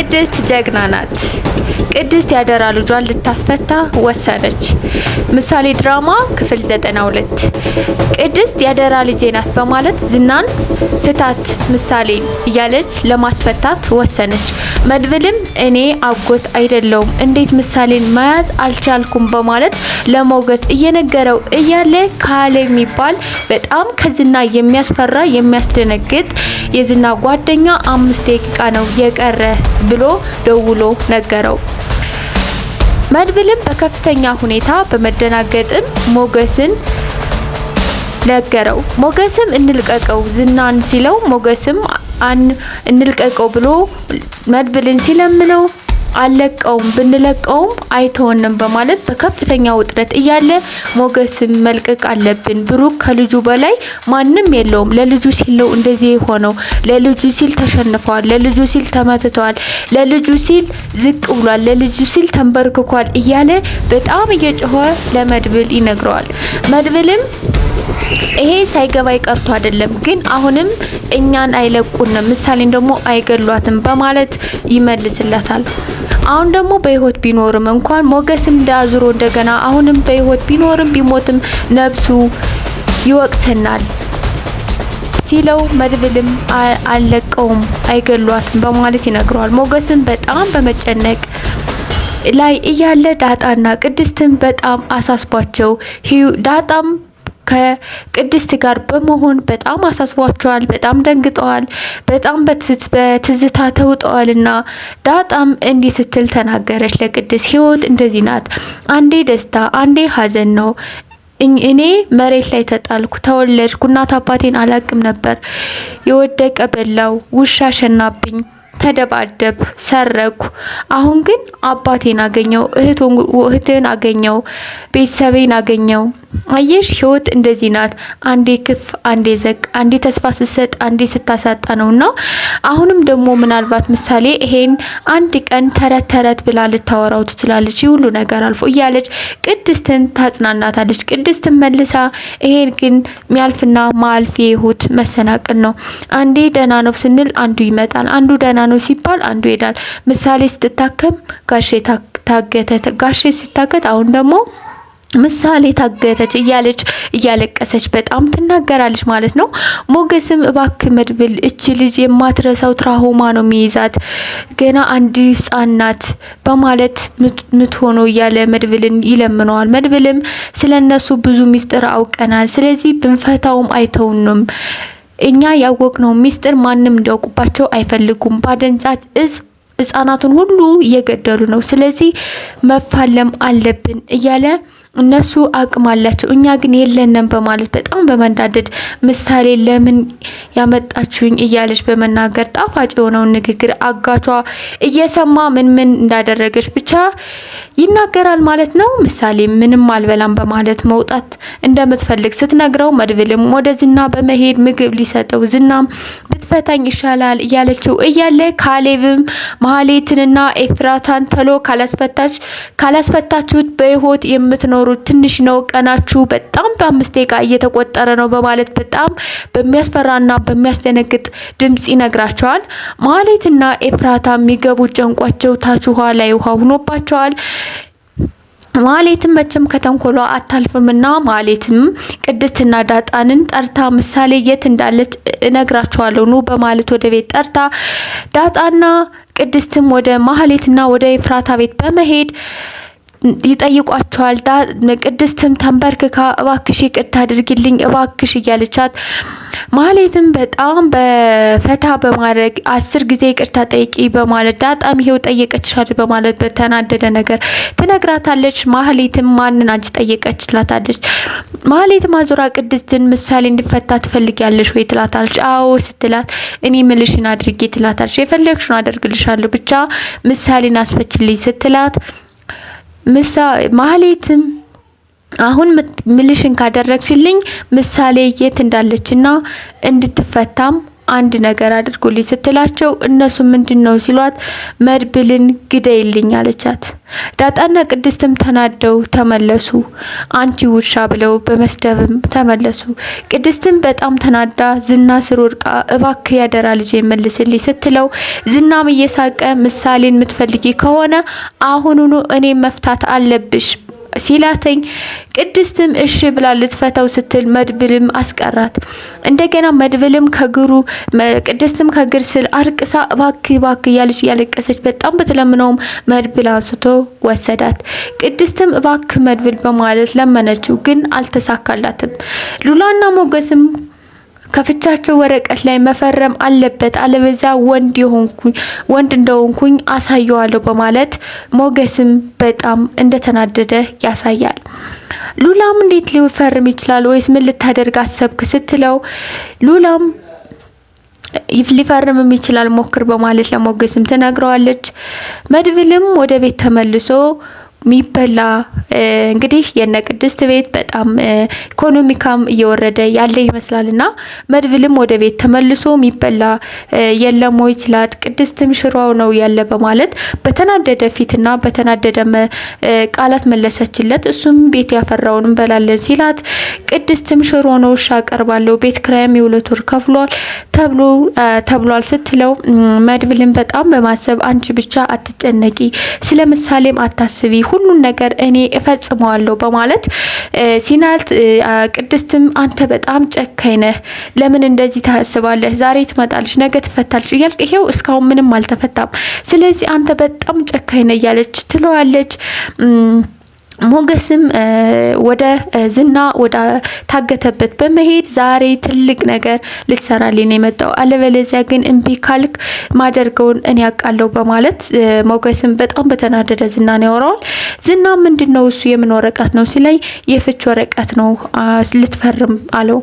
ቅድስት ጀግና ናት። ቅድስት ያደራ ልጇን ልታስፈታ ወሰነች። ምሳሌ ድራማ ክፍል 92 ቅድስት ያደራ ልጄ ናት በማለት ዝናን ፍታት ምሳሌ እያለች ለማስፈታት ወሰነች። መድብልም እኔ አጎት አይደለውም እንዴት ምሳሌን መያዝ አልቻልኩም በማለት ለሞገስ እየነገረው እያለ ካለ የሚባል በጣም ከዝና የሚያስፈራ የሚያስደነግጥ የዝና ጓደኛ አምስት ደቂቃ ነው የቀረ ብሎ ደውሎ ነገረው። ነበረው። መድብልም በከፍተኛ ሁኔታ በመደናገጥም ሞገስን ነገረው። ሞገስም እንልቀቀው ዝናን ሲለው ሞገስም አንልቀቀው ብሎ መድብልን ሲለምነው አልለቀውም ብንለቀውም አይተወንም በማለት በከፍተኛ ውጥረት እያለ ሞገስም መልቀቅ አለብን። ብሩክ ከልጁ በላይ ማንም የለውም። ለልጁ ሲል ነው እንደዚህ የሆነው። ለልጁ ሲል ተሸንፈዋል። ለልጁ ሲል ተመትተዋል። ለልጁ ሲል ዝቅ ብሏል። ለልጁ ሲል ተንበርክኳል እያለ በጣም እየጮኸ ለመድብል ይነግረዋል። መድብልም ይሄ ሳይገባይ ቀርቶ አይደለም፣ ግን አሁንም እኛን አይለቁንም፣ ምሳሌን ደግሞ አይገሏትም በማለት ይመልስላታል። አሁን ደግሞ በህይወት ቢኖርም እንኳን ሞገስም እንዳዙሮ እንደገና አሁንም በህይወት ቢኖርም ቢሞትም ነብሱ ይወቅሰናል ሲለው መድብልም አልለቀውም አይገሏትም በማለት ይነግረዋል። ሞገስም በጣም በመጨነቅ ላይ እያለ ዳጣና ቅድስትን በጣም አሳስቧቸው ዳጣም ከቅድስት ጋር በመሆን በጣም አሳስቧቸዋል፣ በጣም ደንግጠዋል፣ በጣም በትዝታ ተውጠዋል። እና ዳጣም እንዲህ ስትል ተናገረች ለቅድስት ህይወት እንደዚህ ናት፣ አንዴ ደስታ አንዴ ሀዘን ነው እኔ መሬት ላይ ተጣልኩ፣ ተወለድኩ፣ እናት አባቴን አላቅም ነበር። የወደቀ በላው፣ ውሻ ሸናብኝ፣ ተደባደብ፣ ሰረኩ። አሁን ግን አባቴን አገኘው፣ እህትን አገኘው፣ ቤተሰቤን አገኘው። አየሽ ህይወት እንደዚህ ናት። አንዴ ክፍ፣ አንዴ ዘቅ፣ አንዴ ተስፋ ስትሰጥ፣ አንዴ ስታሳጣ ነውና አሁንም ደግሞ ምናልባት ምሳሌ ይሄን አንድ ቀን ተረት ተረት ብላ ልታወራው ትችላለች። ሁሉ ነገር አልፎ እያለች ቅድስትን ታጽናናታለች። ቅድስትን መልሳ ይሄን ግን ሚያልፍና ማልፍ የህይወት መሰናቅል ነው። አንዴ ደህና ነው ስንል አንዱ ይመጣል፣ አንዱ ደህና ነው ሲባል አንዱ ይሄዳል። ምሳሌ ስትታከም ጋሼ ታገተ፣ ጋሼ ሲታገት አሁን ደግሞ ምሳሌ ታገተች እያለች እያለቀሰች በጣም ትናገራለች ማለት ነው። ሞገስም እባክ መድብል እች ልጅ የማትረሳው ትራሆማ ነው የሚይዛት ገና አንድ ሕፃን ናት በማለት ሆኖ እያለ መድብልን ይለምነዋል። መድብልም ስለ እነሱ ብዙ ሚስጥር አውቀናል፣ ስለዚህ ብንፈታውም አይተውንም እኛ ያወቅነው ሚስጥር ማንም እንዲያውቁባቸው አይፈልጉም። ባደንዛዥ እጽ ህጻናቱን ሁሉ እየገደሉ ነው። ስለዚህ መፋለም አለብን እያለ እነሱ አቅም አላቸው እኛ ግን የለንም በማለት በጣም በመናደድ ምሳሌ ለምን ያመጣችሁኝ እያለች በመናገር ጣፋጭ የሆነውን ንግግር አጋቿ እየሰማ ምን ምን እንዳደረገች ብቻ ይናገራል ማለት ነው። ምሳሌ ምንም አልበላም በማለት መውጣት እንደምትፈልግ ስትነግረው መድብልም ወደ ዝና በመሄድ ምግብ ሊሰጠው ዝናም ብትፈታኝ ይሻላል እያለችው እያለ ካሌብም መሀሌትንና ኤፍራታን ተሎ ካላስፈታች ካላስፈታችሁት በህይወት የምትኖሩ የምትኖሩት ትንሽ ነው ቀናችሁ በጣም በአምስት ደቂቃ እየተቆጠረ ነው በማለት በጣም በሚያስፈራና በሚያስደነግጥ ድምፅ ይነግራቸዋል። ማህሌትና ኤፍራታ የሚገቡት ጨንቋቸው ታች ውሃ ላይ ውሃ ሆኖባቸዋል። ማሌትም መቼም ከተንኮሏ አታልፍምና ማሌትም ቅድስትና ዳጣንን ጠርታ ምሳሌ የት እንዳለች እነግራቸዋለሁ ኑ በማለት ወደ ቤት ጠርታ ዳጣና ቅድስትም ወደ ማህሌትና ወደ ኤፍራታ ቤት በመሄድ ይጠይቋቸዋል። ቅድስትም ተንበርክካ እባክሽ ይቅርታ አድርግልኝ እባክሽ እያለቻት ማህሌትም በጣም በፈታ በማድረግ አስር ጊዜ ይቅርታ ጠይቂ በማለት ዳጣም ይሄው ጠየቀችሻል በማለት በተናደደ ነገር ትነግራታለች። ማህሌትም ማንን አንቺ ጠየቀች ትላታለች። ማህሌትም አዙራ ቅድስትን ምሳሌ እንድፈታ ትፈልጊያለሽ ወይ ትላታለች። አዎ ስትላት እኔ ምልሽን አድርጌ ትላታለች። የፈለግሽን አደርግልሻለሁ ብቻ ምሳሌን አስፈችልኝ ስትላት ምሳ ማህሌትም አሁን ምልሽን ካደረግሽልኝ ምሳሌ የት እንዳለችና እንድትፈታም አንድ ነገር አድርጉልኝ ስትላቸው እነሱ ምንድን ነው ሲሏት መድብልን ግደይልኝ አለቻት። ዳጣና ቅድስትም ተናደው ተመለሱ። አንቺ ውሻ ብለው በመስደብም ተመለሱ። ቅድስትም በጣም ተናዳ ዝና ስር ወድቃ እባክ ያደራ ልጄ መልስልኝ ስትለው ዝናም እየሳቀ ምሳሌን የምትፈልጊ ከሆነ አሁኑኑ እኔ መፍታት አለብሽ ሲላተኝ ቅድስትም እሺ ብላ ልትፈታው ስትል መድብልም አስቀራት። እንደገና መድብልም ከግሩ ቅድስትም ከግር ስር አርቅሳ እባክህ እባክህ እያለች እያለቀሰች በጣም ብትለምነውም መድብል አንስቶ ወሰዳት። ቅድስትም እባክ መድብል በማለት ለመነችው፣ ግን አልተሳካላትም። ሉላና ሞገስም ከፍቻቸው ወረቀት ላይ መፈረም አለበት፣ አለበዛ ወንድ የሆንኩኝ ወንድ እንደሆንኩኝ አሳየዋለሁ በማለት ሞገስም በጣም እንደተናደደ ያሳያል። ሉላም እንዴት ሊፈርም ይችላል ወይስ ምን ልታደርግ አሰብክ ስትለው ሉላም ሊፈርምም ይችላል ሞክር በማለት ለሞገስም ትነግረዋለች። መድብልም ወደ ቤት ተመልሶ ሚበላ እንግዲህ የነ ቅድስት ቤት በጣም ኢኮኖሚካም እየወረደ ያለ ይመስላል እና መድብልም ወደ ቤት ተመልሶ የሚበላ የለም ወይ ይችላት ቅድስትም ሽሯው ነው ያለ በማለት በተናደደ ፊትና በተናደደ ቃላት መለሰችለት። እሱም ቤት ያፈራውን እንበላለን ሲላት ቅድስትም ሽሮ ነው እሺ አቀርባለሁ፣ ቤት ክራይም የሁለት ወር ከፍሏል ተብሎ ተብሏል ስትለው መድብልን በጣም በማሰብ አንቺ ብቻ አትጨነቂ፣ ስለ ምሳሌም አታስቢ፣ ሁሉን ነገር እኔ እፈጽመዋለሁ በማለት ሲናልት፣ ቅድስትም አንተ በጣም ጨካኝ ነህ፣ ለምን እንደዚህ ታስባለህ? ዛሬ ትመጣለች፣ ነገ ትፈታለች እያልክ ይሄው እስካሁን ምንም አልተፈታም። ስለዚህ አንተ በጣም ጨካኝ ነህ እያለች ትለዋለች። ሞገስም ወደ ዝና ወደ ታገተበት በመሄድ ዛሬ ትልቅ ነገር ልትሰራልኝ የመጣው አለበለዚያ ግን እምቢ ካልክ ማደርገውን እኔ ያውቃለሁ በማለት ሞገስም በጣም በተናደደ ዝናን ያወራዋል። ዝና ምንድን ነው እሱ የምን ወረቀት ነው ሲለኝ የፍች ወረቀት ነው ልትፈርም አለው።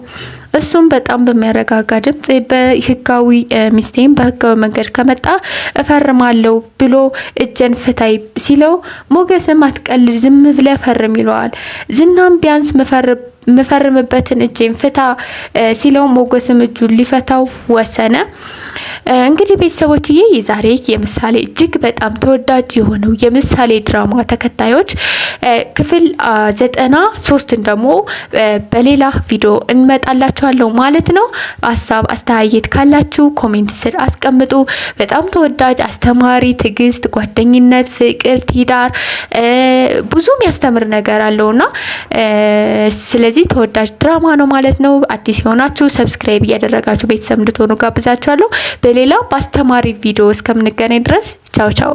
እሱም በጣም በሚያረጋጋ ድምጽ በህጋዊ ሚስቴን በህጋዊ መንገድ ከመጣ እፈርማለሁ ብሎ እጀን ፍታይ ሲለው ሞገስም አትቀልድ፣ ዝም ብለህ ፈርም ይለዋል። ዝናም ቢያንስ ምፈርምበትን እጄን ፍታ ሲለው ሞገስም እጁን ሊፈታው ወሰነ። እንግዲህ ቤተሰቦችዬ የዛሬ የምሳሌ እጅግ በጣም ተወዳጅ የሆነው የምሳሌ ድራማ ተከታዮች ክፍል ዘጠና ሶስትን ደግሞ በሌላ ቪዲዮ እንመጣላቸው እወዳችኋለሁ ማለት ነው። ሀሳብ አስተያየት ካላችሁ ኮሜንት ስር አስቀምጡ። በጣም ተወዳጅ አስተማሪ፣ ትዕግስት፣ ጓደኝነት፣ ፍቅር፣ ትዳር ብዙ የሚያስተምር ነገር አለውና ስለዚህ ተወዳጅ ድራማ ነው ማለት ነው። አዲስ የሆናችሁ ሰብስክራይብ እያደረጋችሁ ቤተሰብ እንድትሆኑ ጋብዛችኋለሁ። በሌላ በአስተማሪ ቪዲዮ እስከምንገናኝ ድረስ ቻው ቻው።